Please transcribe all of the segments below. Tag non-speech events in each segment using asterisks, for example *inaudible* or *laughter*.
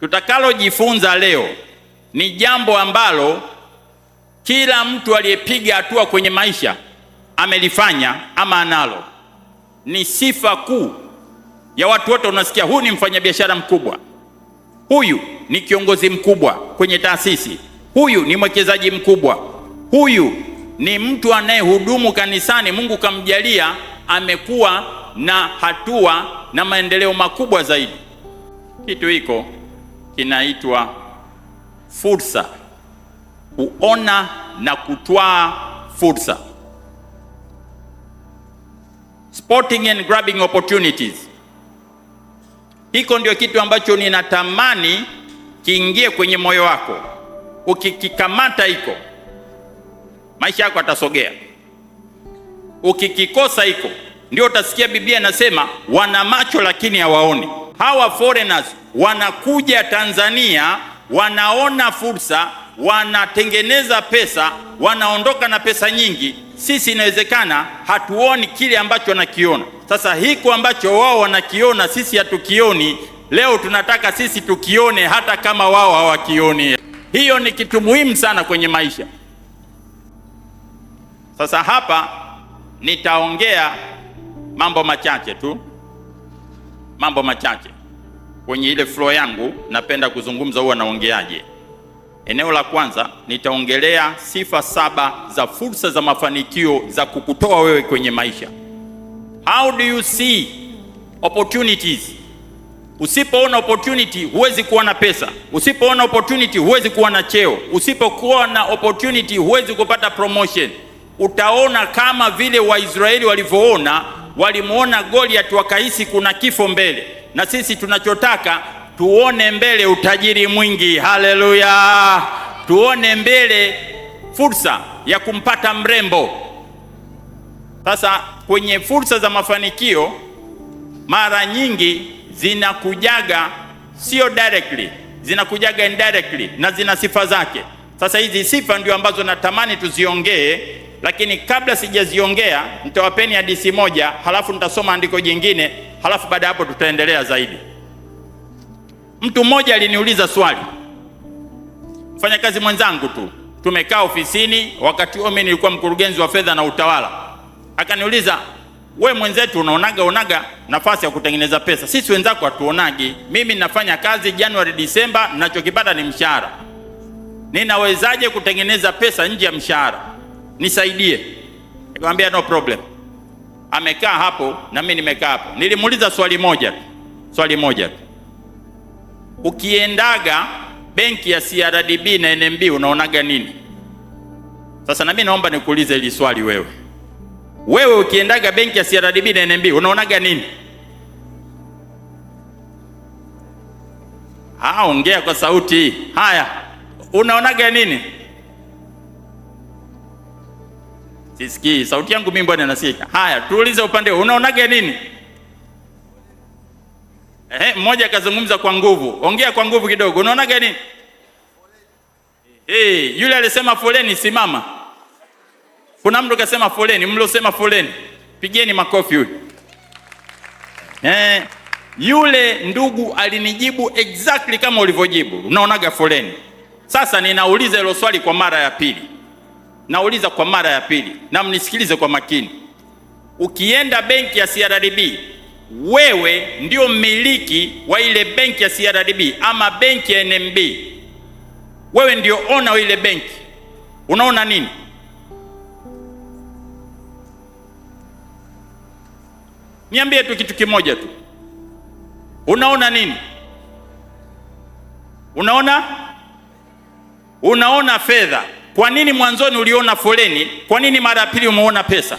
Tutakalojifunza leo ni jambo ambalo kila mtu aliyepiga hatua kwenye maisha amelifanya ama analo. Ni sifa kuu ya watu wote, unasikia huyu ni mfanyabiashara mkubwa, huyu ni kiongozi mkubwa kwenye taasisi, huyu ni mwekezaji mkubwa, huyu ni mtu anayehudumu kanisani. Mungu kamjalia amekuwa na hatua na maendeleo makubwa zaidi. Kitu hiko inaitwa fursa, kuona na kutwaa fursa, spotting and grabbing opportunities. Hiko ndio kitu ambacho ninatamani kiingie kwenye moyo wako. Ukikikamata hiko, maisha yako atasogea. Ukikikosa hiko, ndio utasikia Biblia inasema wana macho lakini hawaoni hawa foreigners wanakuja Tanzania, wanaona fursa, wanatengeneza pesa, wanaondoka na pesa nyingi. Sisi inawezekana hatuoni kile ambacho wanakiona. Sasa hiko ambacho wao wanakiona sisi hatukioni, leo tunataka sisi tukione, hata kama wao hawakioni. Hiyo ni kitu muhimu sana kwenye maisha. Sasa hapa nitaongea mambo machache tu mambo machache kwenye ile flow yangu, napenda kuzungumza huwa naongeaje. Eneo la kwanza nitaongelea sifa saba za fursa za mafanikio za kukutoa wewe kwenye maisha. How do you see opportunities? Usipoona opportunity huwezi kuwa na pesa. Usipoona opportunity huwezi kuwa na cheo. Usipokuwa na opportunity huwezi kupata promotion. Utaona kama vile Waisraeli walivyoona walimwona Goliath wakahisi kuna kifo mbele, na sisi tunachotaka tuone mbele utajiri mwingi. Haleluya! tuone mbele fursa ya kumpata mrembo. Sasa kwenye fursa za mafanikio mara nyingi zinakujaga sio directly, zinakujaga indirectly na zina sifa zake. Sasa hizi sifa ndio ambazo natamani tuziongee lakini kabla sijaziongea nitawapeni hadithi moja, halafu nitasoma andiko jingine, halafu baada hapo tutaendelea zaidi. Mtu mmoja aliniuliza swali, mfanyakazi mwenzangu tu, tumekaa ofisini, wakati huo mimi nilikuwa mkurugenzi wa fedha na utawala. Akaniuliza, we mwenzetu, unaonaga unaga nafasi ya kutengeneza pesa, sisi wenzako hatuonagi. Mimi nafanya kazi Januari Disemba, ninachokipata ni mshahara, ninawezaje kutengeneza pesa nje ya mshahara? nisaidie. Nikamwambia no problem. Amekaa hapo na mimi nimekaa hapo. Nilimuuliza swali moja tu, swali moja tu, ukiendaga benki ya CRDB na NMB unaonaga nini? Sasa na mimi naomba nikuulize hili swali wewe, wewe ukiendaga benki ya CRDB na NMB unaonaga nini? Ah, ongea kwa sauti. Haya, unaonaga nini? Sisikii sauti yangu mimi, bwana nasikika. Haya, tuulize upande huu, nini? Ehe, mmoja akazungumza kwa nguvu, ongea kwa nguvu kidogo, unaonaje nini? Eh, yule alisema foleni, simama. Kuna mtu kasema foleni, mliosema foleni, pigeni makofi huyu. Eh, yule ndugu alinijibu exactly kama ulivyojibu, unaonaga foleni. Sasa ninauliza hilo swali kwa mara ya pili. Nauliza kwa mara ya pili na mnisikilize kwa makini. Ukienda benki ya CRDB, wewe ndio mmiliki wa ile benki ya CRDB ama benki ya NMB, wewe ndio ona wa ile benki. Unaona nini? Niambie tu kitu kimoja tu, unaona nini? Unaona, unaona fedha kwa nini mwanzoni uliona foleni? Kwa nini mara ya pili umeona pesa?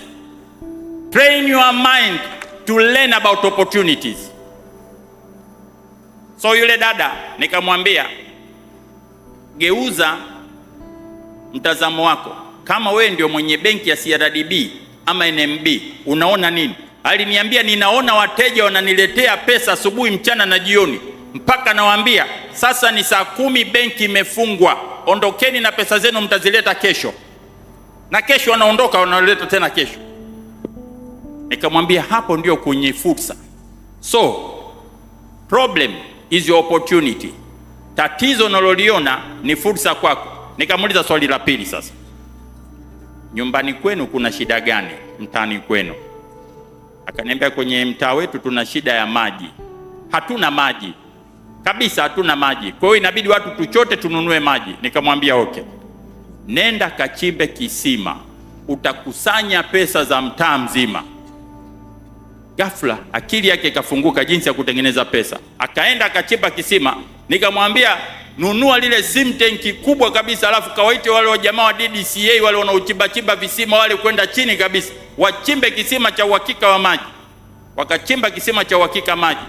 Train your mind to learn about opportunities. So yule dada nikamwambia, geuza mtazamo wako. Kama wewe ndio mwenye benki ya CRDB ama NMB, unaona nini? Aliniambia, ninaona wateja wananiletea pesa asubuhi, mchana na jioni, mpaka nawaambia sasa ni saa kumi, benki imefungwa ondokeni na pesa zenu, mtazileta kesho. Na kesho wanaondoka, wanaleta tena kesho. Nikamwambia hapo ndio kwenye fursa. So problem is your opportunity, tatizo unaloliona ni fursa kwako. Nikamuuliza swali la pili, sasa nyumbani kwenu kuna shida gani? Mtaani kwenu? Akaniambia kwenye mtaa wetu tuna shida ya maji, hatuna maji kabisa, hatuna maji, kwa hiyo inabidi watu tuchote, tununue maji. Nikamwambia okay, nenda kachimbe kisima, utakusanya pesa za mtaa mzima. Ghafla akili yake ikafunguka jinsi ya kutengeneza pesa, akaenda akachimba kisima. Nikamwambia nunua lile simtenki kubwa kabisa, alafu kawaite wale wa jamaa wa DDCA wale wanaochimbachimba visima wale, kwenda chini kabisa wachimbe kisima cha uhakika wa maji. Wakachimba kisima cha uhakika maji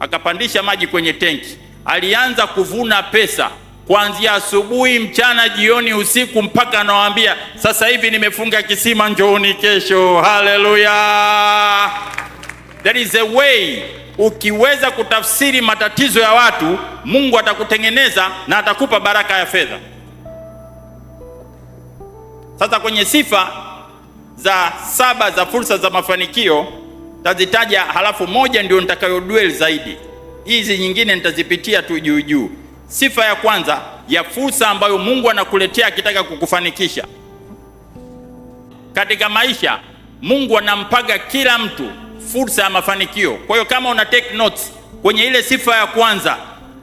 akapandisha maji kwenye tenki, alianza kuvuna pesa kuanzia asubuhi, mchana, jioni, usiku, mpaka anawaambia sasa hivi nimefunga kisima, njooni kesho. Haleluya! There is a way. Ukiweza kutafsiri matatizo ya watu, Mungu atakutengeneza na atakupa baraka ya fedha. Sasa kwenye sifa za saba za fursa za mafanikio tazitaja, halafu moja ndio nitakayodwell zaidi, hizi nyingine nitazipitia tu juu juu. Sifa ya kwanza ya fursa ambayo Mungu anakuletea akitaka kukufanikisha katika maisha, Mungu anampaga kila mtu fursa ya mafanikio. Kwa hiyo kama una take notes kwenye ile sifa ya kwanza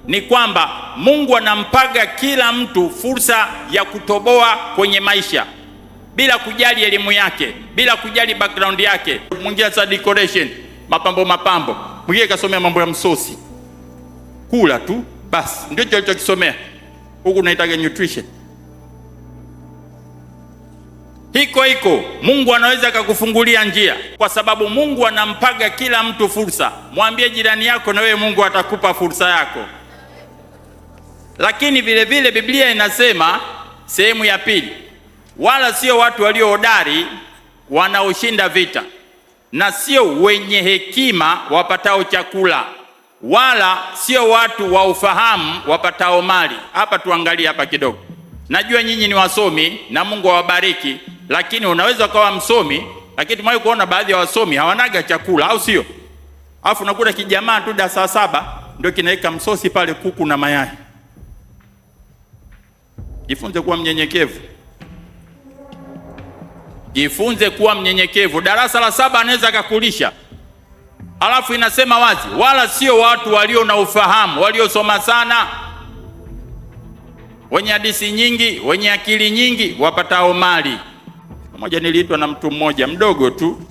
ni kwamba Mungu anampaga kila mtu fursa ya kutoboa kwenye maisha bila kujali elimu yake, bila kujali background yake. Mwingine za decoration, mapambo mapambo, mwingine kasomea mambo ya msosi, kula tu basi, ndio alichokisomea. Huku naitaga nutrition hiko hiko. Mungu anaweza akakufungulia njia, kwa sababu Mungu anampaga kila mtu fursa. Mwambie jirani yako, na wewe Mungu atakupa fursa yako. Lakini vile vile Biblia inasema sehemu ya pili wala sio watu walio hodari wanaoshinda vita, na sio wenye hekima wapatao chakula, wala sio watu wa ufahamu wapatao mali. Hapa tuangalie hapa kidogo. Najua nyinyi ni wasomi na Mungu awabariki, lakini unaweza ukawa msomi, lakini tumewahi kuona baadhi ya wasomi hawanaga chakula, au sio? Alafu unakuta kijamaa tu da saa saba ndio kinaweka msosi pale kuku na mayai. Jifunze kuwa mnyenyekevu jifunze kuwa mnyenyekevu. Darasa la saba anaweza akakulisha, alafu inasema wazi, wala sio watu walio na ufahamu, waliosoma sana, wenye hadisi nyingi, wenye akili nyingi, wapatao mali. Moja niliitwa na mtu mmoja mdogo tu,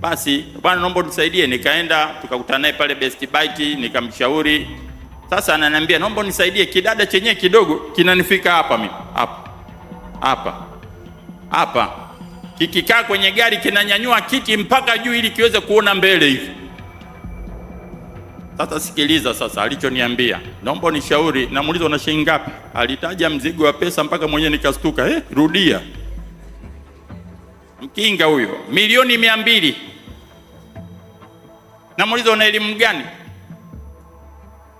basi bwana, naomba unisaidie. Nikaenda tukakutana naye pale Best Bike, nikamshauri. Sasa ananiambia naomba unisaidie, kidada chenyewe kidogo kinanifika hapa mimi hapa hapa hapa kikikaa kwenye gari kinanyanyua kiti mpaka juu ili kiweze kuona mbele hivi. Sasa sikiliza sasa alichoniambia, naomba nishauri. Namuuliza una shilingi ngapi? Alitaja mzigo wa pesa mpaka mwenyewe nikastuka. Eh, rudia. Mkinga huyo milioni mia mbili. Namuuliza una elimu gani?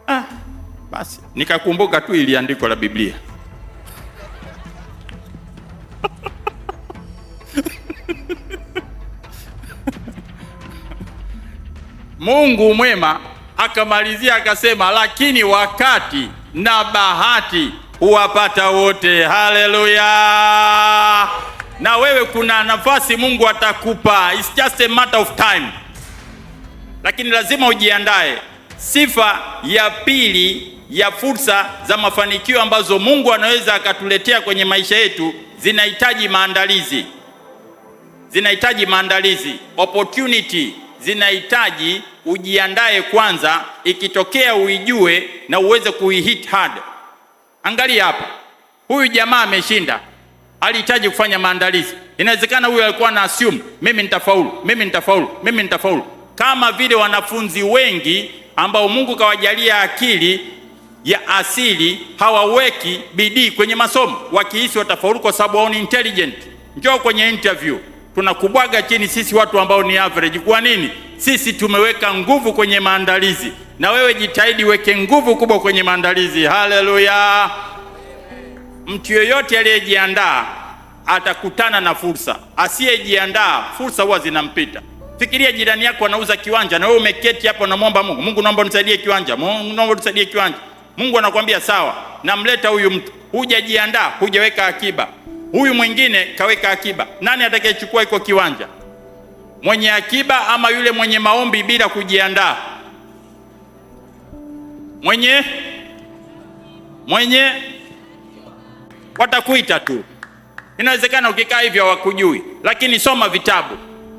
Ah, basi nikakumbuka tu iliandiko la Biblia Mungu mwema akamalizia akasema, lakini wakati na bahati huwapata wote. Haleluya! na wewe kuna nafasi Mungu atakupa, it's just a matter of time, lakini lazima ujiandae. Sifa ya pili ya fursa za mafanikio ambazo Mungu anaweza akatuletea kwenye maisha yetu zinahitaji maandalizi, zinahitaji maandalizi opportunity zinahitaji ujiandae kwanza, ikitokea uijue na uweze kuihit hard. Angalia hapa, huyu jamaa ameshinda, alihitaji kufanya maandalizi. Inawezekana huyu alikuwa na assume mimi nitafaulu, mimi nitafaulu, mimi nitafaulu, kama vile wanafunzi wengi ambao Mungu kawajalia akili ya asili hawaweki bidii kwenye masomo, wakihisi watafaulu kwa sababu wao ni intelligent. Njoo kwenye interview tunakubwaga chini sisi watu ambao ni average. Kwa nini? Sisi tumeweka nguvu kwenye maandalizi, na wewe jitahidi, weke nguvu kubwa kwenye maandalizi. Haleluya! Mtu yoyote aliyejiandaa atakutana na fursa, asiyejiandaa fursa huwa zinampita. Fikiria jirani yako anauza kiwanja, na wewe umeketi hapo, namwomba Mungu, Mungu naomba nisaidie kiwanja, Mungu naomba nisaidie kiwanja. Mungu anakuambia sawa, namleta huyu mtu. Hujajiandaa, hujaweka akiba huyu mwingine kaweka akiba. Nani atakayechukua iko kiwanja? Mwenye akiba ama yule mwenye maombi bila kujiandaa? Mwenye mwenye watakuita tu. Inawezekana ukikaa hivyo hawakujui, lakini soma vitabu,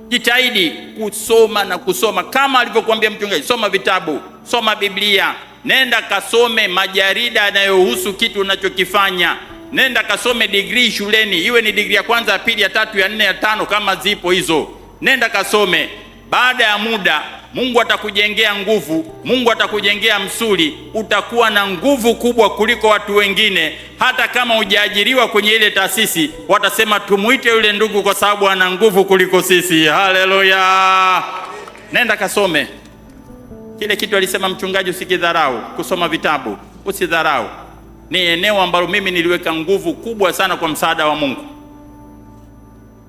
jitahidi kusoma na kusoma, kama alivyokuambia mchungaji, soma vitabu, soma Biblia, nenda kasome majarida yanayohusu kitu unachokifanya nenda kasome degree shuleni, iwe ni degree ya kwanza, ya pili, ya tatu, ya nne, ya tano, kama zipo hizo, nenda kasome. Baada ya muda, Mungu atakujengea nguvu, Mungu atakujengea msuli, utakuwa na nguvu kubwa kuliko watu wengine. Hata kama hujaajiriwa kwenye ile taasisi, watasema tumuite yule ndugu, kwa sababu ana nguvu kuliko sisi. Haleluya! Nenda kasome kile kitu alisema mchungaji, usikidharau. Kusoma vitabu usidharau ni eneo ambalo mimi niliweka nguvu kubwa sana kwa msaada wa Mungu.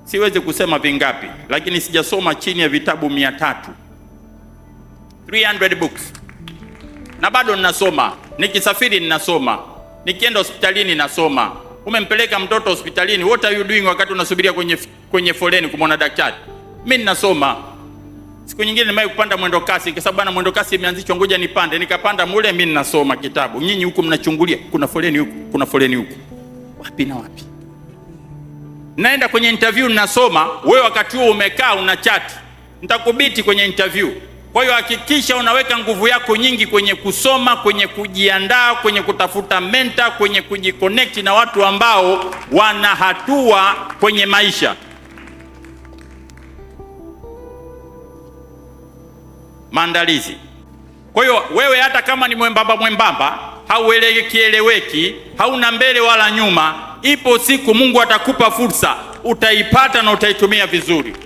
Siwezi kusema vingapi, lakini sijasoma chini ya vitabu mia tatu 300 books, na bado ninasoma. Nikisafiri ninasoma, nikienda hospitalini ninasoma. Umempeleka mtoto hospitalini, what are you doing wakati unasubiria kwenye, kwenye foleni kumwona daktari? Mimi ninasoma. Siku nyingine nimewahi kupanda mwendo kasi, kwa sababu bwana mwendo kasi imeanzishwa, ngoja nipande. Nikapanda mule, mimi ninasoma kitabu, nyinyi huku mnachungulia, kuna foleni huku, kuna foleni huku, wapi na wapi. Naenda kwenye interview ninasoma, wewe wakati huo umekaa una chat, nitakubiti kwenye interview. Kwa hiyo hakikisha unaweka nguvu yako nyingi kwenye kusoma, kwenye kujiandaa, kwenye kutafuta mentor, kwenye kujiconnect na watu ambao wana hatua kwenye maisha. maandalizi. Kwa hiyo wewe hata kama ni mwembamba mwembamba, kieleweki, hauna mbele wala nyuma, ipo siku Mungu atakupa fursa, utaipata na utaitumia vizuri.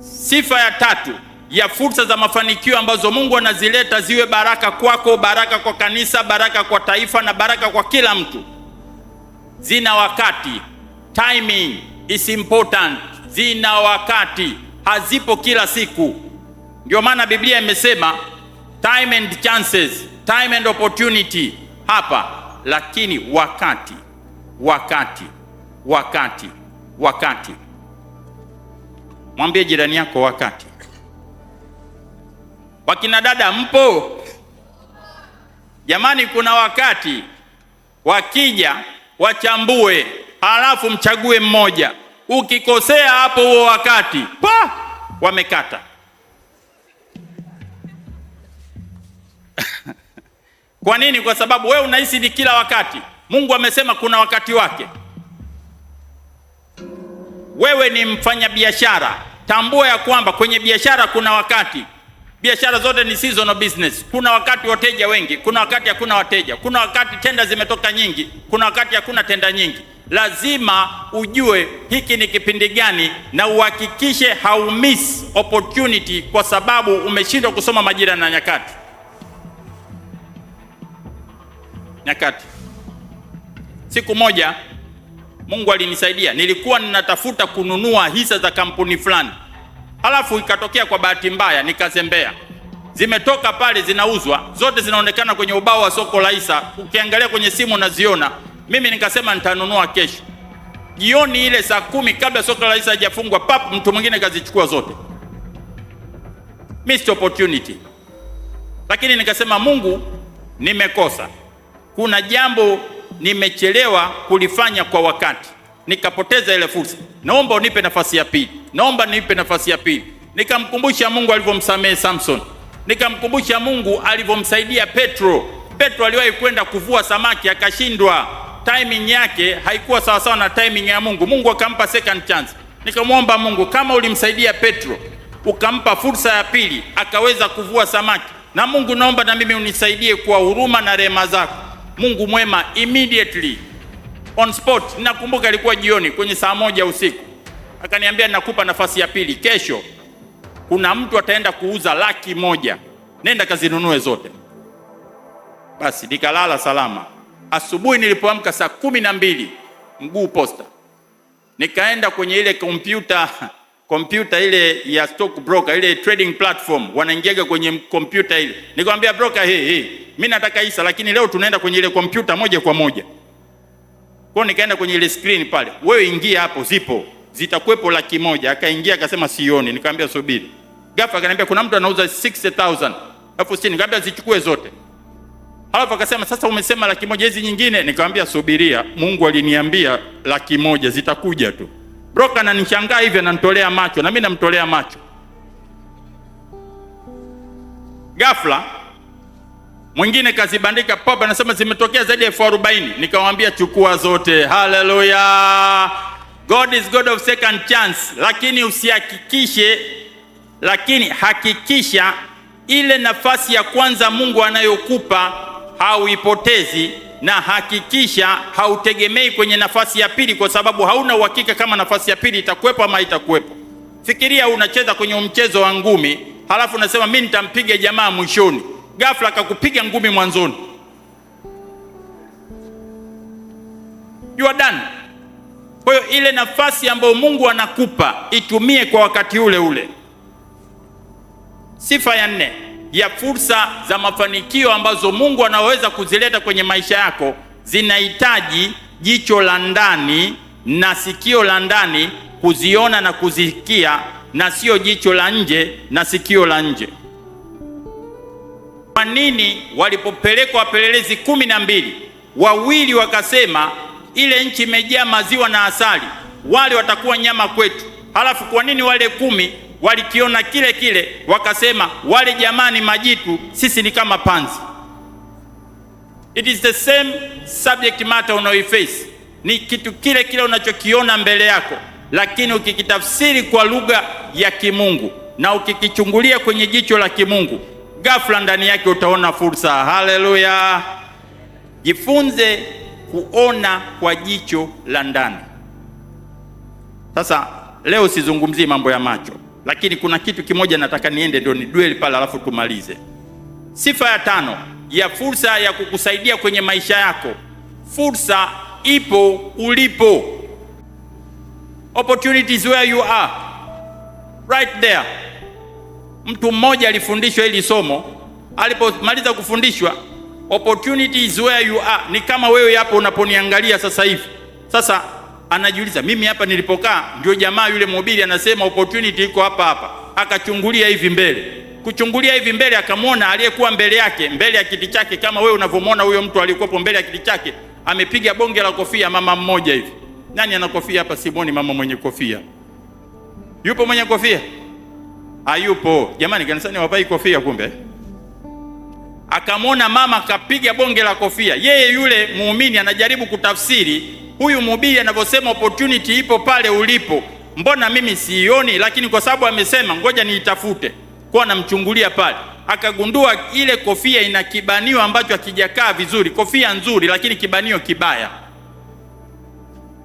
Sifa ya tatu ya fursa za mafanikio ambazo Mungu anazileta ziwe baraka kwako, baraka kwa kanisa, baraka kwa taifa na baraka kwa kila mtu, zina wakati. Timing is important, zina wakati hazipo kila siku. Ndio maana Biblia imesema time and chances, time and opportunity hapa, lakini wakati, wakati, wakati, wakati. Mwambie jirani yako wakati. Wakina dada mpo? Jamani, kuna wakati wakija wachambue, halafu mchague mmoja ukikosea hapo huo wakati pa wamekata. *laughs* Kwa nini? Kwa sababu wewe unahisi ni kila wakati. Mungu amesema kuna wakati wake. Wewe ni mfanyabiashara, tambua ya kwamba kwenye biashara kuna wakati. Biashara zote ni seasonal business. Kuna wakati wateja wengi, kuna wakati hakuna wateja, kuna wakati tenda zimetoka nyingi, kuna wakati hakuna tenda nyingi lazima ujue hiki ni kipindi gani, na uhakikishe haumiss opportunity kwa sababu umeshindwa kusoma majira na nyakati. Nyakati. Siku moja Mungu alinisaidia, nilikuwa ninatafuta kununua hisa za kampuni fulani, halafu ikatokea kwa bahati mbaya nikazembea zimetoka pale zinauzwa zote, zinaonekana kwenye ubao wa soko la hisa, ukiangalia kwenye simu unaziona. Mimi nikasema nitanunua kesho jioni ile saa kumi kabla soko la hisa hajafungwa, pap, mtu mwingine kazichukua zote. Missed opportunity. Lakini nikasema Mungu, nimekosa, kuna jambo nimechelewa kulifanya kwa wakati, nikapoteza ile fursa. Naomba unipe nafasi ya pili, naomba nipe nafasi ya pili. Nikamkumbusha Mungu alivyomsamehe Samson, nikamkumbusha Mungu alivyomsaidia Petro. Petro aliwahi kwenda kuvua samaki akashindwa timing yake haikuwa sawasawa na timing ya Mungu. Mungu akampa second chance. Nikamwomba Mungu, kama ulimsaidia Petro ukampa fursa ya pili akaweza kuvua samaki, na Mungu naomba na mimi unisaidie kwa huruma na rehema zako. Mungu mwema, immediately on spot, nakumbuka ilikuwa jioni kwenye saa moja usiku, akaniambia nakupa nafasi ya pili. Kesho kuna mtu ataenda kuuza laki moja, nenda kazinunue zote. Basi nikalala salama asubuhi nilipoamka saa kumi na mbili mguu posta, nikaenda kwenye ile kompyuta kompyuta ile ya stock broker, ile trading platform, wanaingiaga kwenye kompyuta ile. Nikamwambia broker, hey, hey, mimi nataka hisa, lakini leo tunaenda kwenye ile kompyuta moja kwa moja. Kwa nikaenda kwenye ile screen pale, wewe ingia hapo, zipo zitakuwepo laki moja. Akaingia akasema sioni, nikamwambia subiri. Ghafla akaniambia kuna mtu anauza 60000 alafu sisi, nikamwambia zichukue zote. Alafu akasema sasa, umesema laki moja, hizi nyingine? Nikamwambia subiria, Mungu aliniambia laki moja zitakuja tu. Broka ananishangaa hivyo, ananitolea macho na mimi namtolea macho. Ghafla mwingine kazibandika pop, anasema zimetokea zaidi ya elfu arobaini. Nikamwambia chukua zote, haleluya. God is God of second chance, lakini usihakikishe, lakini hakikisha ile nafasi ya kwanza Mungu anayokupa hauipotezi na hakikisha hautegemei kwenye nafasi ya pili, kwa sababu hauna uhakika kama nafasi ya pili itakuwepo ama haitakuwepo. Fikiria unacheza kwenye mchezo wa ngumi, halafu unasema mimi nitampiga jamaa mwishoni, ghafla akakupiga ngumi mwanzoni, you are done. Kwa hiyo ile nafasi ambayo Mungu anakupa itumie kwa wakati ule ule. Sifa ya nne ya fursa za mafanikio ambazo Mungu anaweza kuzileta kwenye maisha yako zinahitaji jicho la ndani na sikio la ndani kuziona na kuzikia, na sio jicho la nje na sikio la nje. Kwa nini walipopelekwa wapelelezi kumi na mbili wawili wakasema ile nchi imejaa maziwa na asali, wale watakuwa nyama kwetu? Halafu kwa nini wale kumi walikiona kile kile, wakasema wale jamani majitu, sisi ni kama panzi. It is the same subject matter unaoiface, ni kitu kile kile unachokiona mbele yako, lakini ukikitafsiri kwa lugha ya kimungu na ukikichungulia kwenye jicho la kimungu, ghafla ndani yake utaona fursa. Haleluya! Jifunze kuona kwa jicho la ndani. Sasa leo sizungumzii mambo ya macho lakini kuna kitu kimoja nataka niende ndio ni dweli pale, alafu tumalize. Sifa ya tano ya fursa ya kukusaidia kwenye maisha yako, fursa ipo ulipo. Opportunities where you are right there. Mtu mmoja alifundishwa hili somo, alipomaliza kufundishwa opportunities where you are, ni kama wewe hapo unaponiangalia sasa hivi. Sasa anajiuliza, mimi hapa nilipokaa ndio jamaa yule mhubiri anasema opportunity iko hapa hapa. Akachungulia hivi mbele, kuchungulia hivi mbele, akamwona aliyekuwa mbele yake, mbele ya kiti chake, kama wewe unavyomwona huyo mtu aliyekuwa mbele ya kiti chake, amepiga bonge la kofia, mama mmoja hivi. Nani ana kofia hapa? Simoni, mama mwenye kofia. Yupo mwenye kofia? Hayupo. Jamani, kanisani wapai kofia kumbe. Akamwona mama kapiga bonge la kofia, yeye yule muumini anajaribu kutafsiri huyu mhubiri anavyosema opportunity ipo pale ulipo, mbona mimi siioni? Lakini kwa sababu amesema ngoja niitafute, kwa namchungulia pale, akagundua ile kofia ina kibanio ambacho hakijakaa vizuri. Kofia nzuri, lakini kibanio kibaya.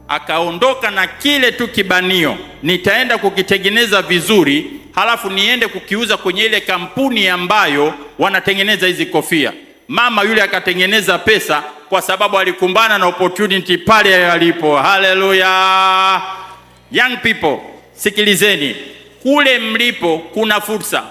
Akaondoka na kile tu kibanio, nitaenda kukitengeneza vizuri, halafu niende kukiuza kwenye ile kampuni ambayo wanatengeneza hizi kofia. Mama yule akatengeneza pesa kwa sababu alikumbana na opportunity pale alipo. Haleluya! Young people, sikilizeni, kule mlipo kuna fursa.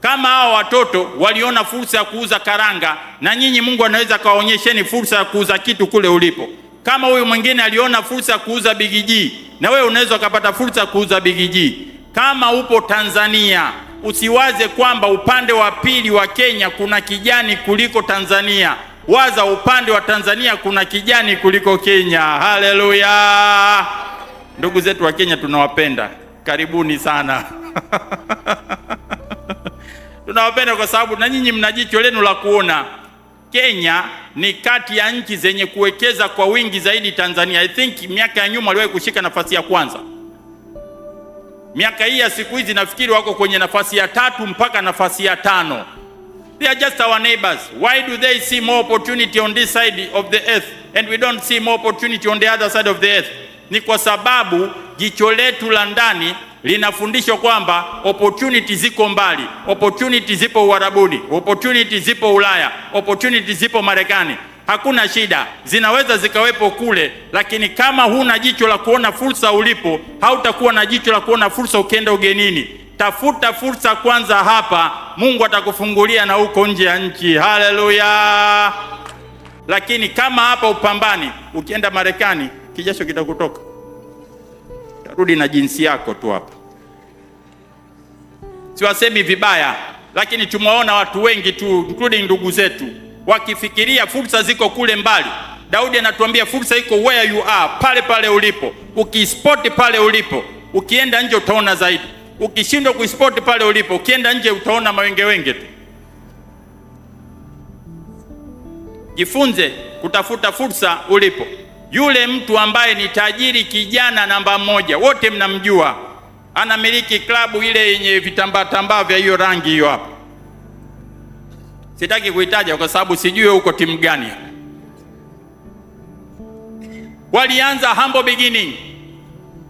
Kama hao watoto waliona fursa ya kuuza karanga, na nyinyi Mungu anaweza akawaonyesheni fursa ya kuuza kitu kule ulipo. Kama huyu mwingine aliona fursa ya kuuza bigijii, na wewe unaweza ukapata fursa ya kuuza bigijii. Kama upo Tanzania, usiwaze kwamba upande wa pili wa Kenya kuna kijani kuliko Tanzania waza upande wa Tanzania kuna kijani kuliko Kenya. Haleluya! Ndugu zetu wa Kenya tunawapenda, karibuni sana *laughs* tunawapenda kwa sababu na nyinyi mna jicho lenu la kuona. Kenya ni kati ya nchi zenye kuwekeza kwa wingi zaidi Tanzania. I think miaka ya nyuma waliwahi kushika nafasi ya kwanza. Miaka hii ya siku hizi nafikiri wako kwenye nafasi ya tatu mpaka nafasi ya tano. They are just our neighbors. Why do they see more opportunity on this side of the earth and we don't see more opportunity on the other side of the earth? Ni kwa sababu jicho letu la ndani linafundishwa kwamba opportunity ziko mbali, opportunity zipo Uarabuni, opportunity zipo Ulaya, opportunity zipo Marekani. Hakuna shida, zinaweza zikawepo kule, lakini kama huna jicho la kuona fursa ulipo, hautakuwa na jicho la kuona fursa ukienda ugenini. Tafuta fursa kwanza hapa, Mungu atakufungulia na huko nje ya nchi. Haleluya! Lakini kama hapa upambani, ukienda Marekani kijasho kitakutoka, tarudi na jinsi yako tu. Hapa siwasemi vibaya, lakini tumewaona watu wengi tu, including ndugu zetu, wakifikiria fursa ziko kule mbali. Daudi anatuambia fursa iko where you are, pale pale ulipo. Ukispoti pale ulipo, ukienda nje utaona zaidi. Ukishindwa kuispoti pale ulipo, ukienda nje utaona mawenge wenge tu. Jifunze kutafuta fursa ulipo. Yule mtu ambaye ni tajiri kijana namba moja, wote mnamjua, anamiliki klabu ile yenye vitambaa tambaa vya hiyo rangi hiyo hapo. Sitaki kuitaja kwa sababu sijui huko timu gani. Walianza humble beginning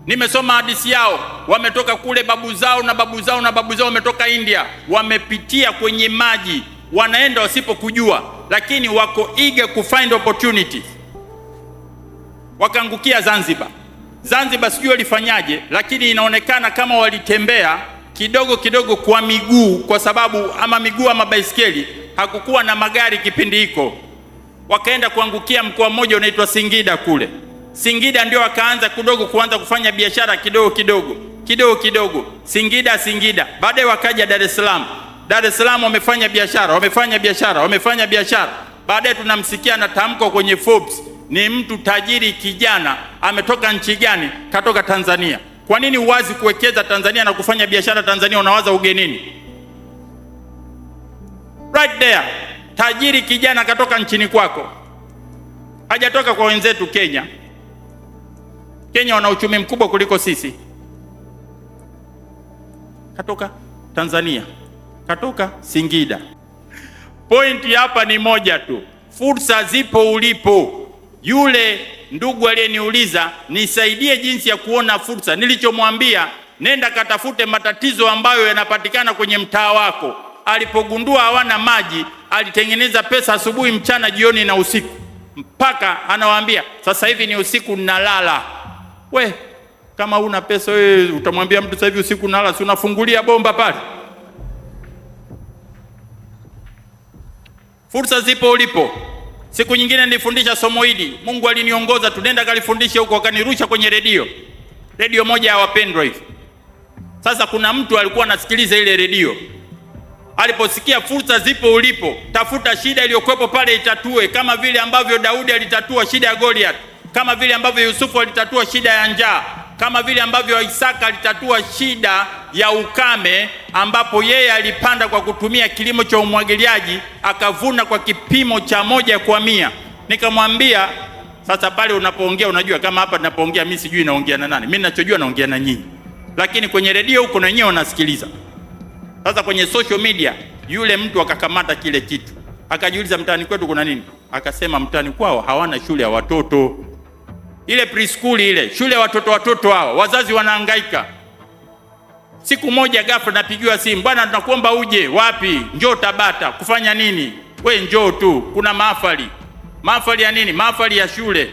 Nimesoma hadisi yao, wametoka kule babu zao na babu zao na babu zao, wametoka India, wamepitia kwenye maji, wanaenda wasipokujua, lakini wako eager find opportunity. Wakaangukia Zanzibar. Zanzibar sijui walifanyaje, lakini inaonekana kama walitembea kidogo kidogo kwa miguu, kwa sababu ama miguu ama baisikeli, hakukuwa na magari kipindi hiko. Wakaenda kuangukia mkoa mmoja unaitwa Singida kule Singida ndio wakaanza kidogo kuanza kufanya biashara kidogo kidogo kidogo kidogo, Singida Singida, baadaye wakaja Dar es Salaam. Dar es Salaam wamefanya biashara wamefanya biashara wamefanya biashara, baadaye tunamsikia na tamko kwenye Forbes, ni mtu tajiri kijana. Ametoka nchi gani? Katoka Tanzania. Kwa nini uwazi kuwekeza Tanzania na kufanya biashara Tanzania, unawaza ugenini? Right there, tajiri kijana katoka nchini kwako, hajatoka kwa wenzetu Kenya. Kenya wana uchumi mkubwa kuliko sisi. Katoka Tanzania, katoka Singida. Pointi hapa ni moja tu, fursa zipo ulipo. Yule ndugu aliyeniuliza nisaidie jinsi ya kuona fursa, nilichomwambia nenda katafute matatizo ambayo yanapatikana kwenye mtaa wako. Alipogundua hawana maji, alitengeneza pesa asubuhi, mchana, jioni na usiku, mpaka anawaambia sasa hivi ni usiku nalala we kama una pesa we, utamwambia mtu sasa hivi usiku nala, si unafungulia bomba pale. Fursa zipo ulipo. Siku nyingine nilifundisha somo hili, Mungu aliniongoza tu, nenda kalifundishe huko, akanirusha kwenye redio, redio moja ya wapendwa hivi. Sasa kuna mtu alikuwa anasikiliza ile redio, aliposikia fursa zipo ulipo, tafuta shida iliyokuwepo pale, itatue kama vile ambavyo Daudi alitatua shida ya Goliath kama vile ambavyo Yusufu alitatua shida ya njaa, kama vile ambavyo Isaka alitatua shida ya ukame, ambapo yeye alipanda kwa kutumia kilimo cha umwagiliaji akavuna kwa kipimo cha moja kwa mia. Nikamwambia sasa, pale unapoongea, unajua kama hapa ninapoongea mimi sijui naongea na nani. Mimi ninachojua naongea na nyinyi, lakini kwenye redio huko na wenyewe wanasikiliza. Sasa kwenye social media yule mtu akakamata kile kitu, akajiuliza mtaani kwetu kuna nini? Akasema mtaani kwao hawana shule ya watoto ile preschool ile shule ya watoto watoto hao, wazazi wanahangaika. Siku moja ghafla napigiwa simu, bwana, tunakuomba uje. Wapi? Njoo Tabata. Kufanya nini? We njoo tu, kuna mahafali. Mahafali ya nini? Mahafali ya shule.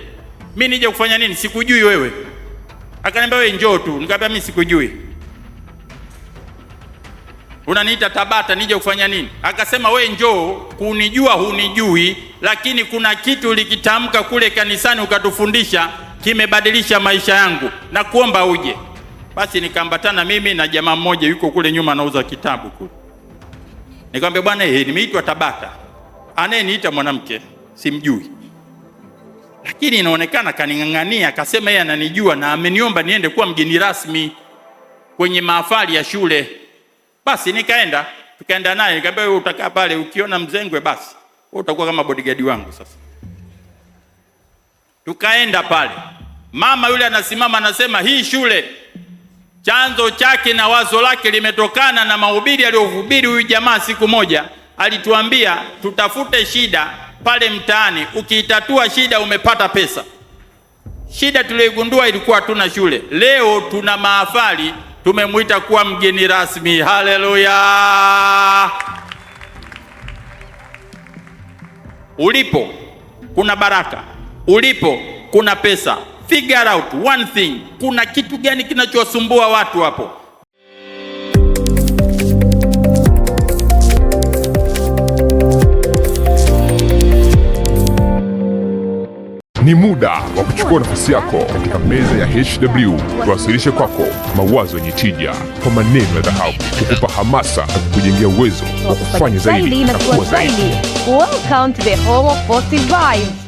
Mi nije kufanya nini? Sikujui wewe. Akaniambia we njoo tu, nikamwambia mi sikujui. Unaniita Tabata nije kufanya nini? Akasema we njoo, kunijua hunijui, lakini kuna kitu ulikitamka kule kanisani ukatufundisha kimebadilisha maisha yangu na kuomba uje. Basi nikaambatana mimi na jamaa mmoja yuko kule nyuma anauza kitabu kule. Nikamwambia bwana, hii eh, nimeitwa Tabata. Anayeniita mwanamke simjui, lakini inaonekana kaning'ang'ania, akasema yeye ananijua na ameniomba niende kuwa mgeni rasmi kwenye mahafali ya shule. Basi nikaenda, tukaenda naye, nikamwambia wewe utakaa pale, ukiona mzengwe basi wewe utakuwa kama bodyguard wangu. Sasa tukaenda pale Mama yule anasimama anasema, hii shule chanzo chake na wazo lake limetokana na mahubiri aliyohubiri huyu jamaa. Siku moja alituambia tutafute shida pale mtaani, ukiitatua shida umepata pesa. Shida tuliyoigundua ilikuwa hatuna shule. Leo tuna mahafali, tumemwita kuwa mgeni rasmi. Haleluya! Ulipo kuna baraka, ulipo kuna pesa figure out one thing, kuna kitu gani kinachowasumbua watu hapo? Ni muda wa kuchukua nafasi yako katika meza ya HW, tuwasilishe kwako mawazo yenye tija kwa maneno ya dhahabu, kukupa hamasa na kukujengea uwezo wa kufanya zaidi na kuwa zaidi. Welcome to the home of positive vibes.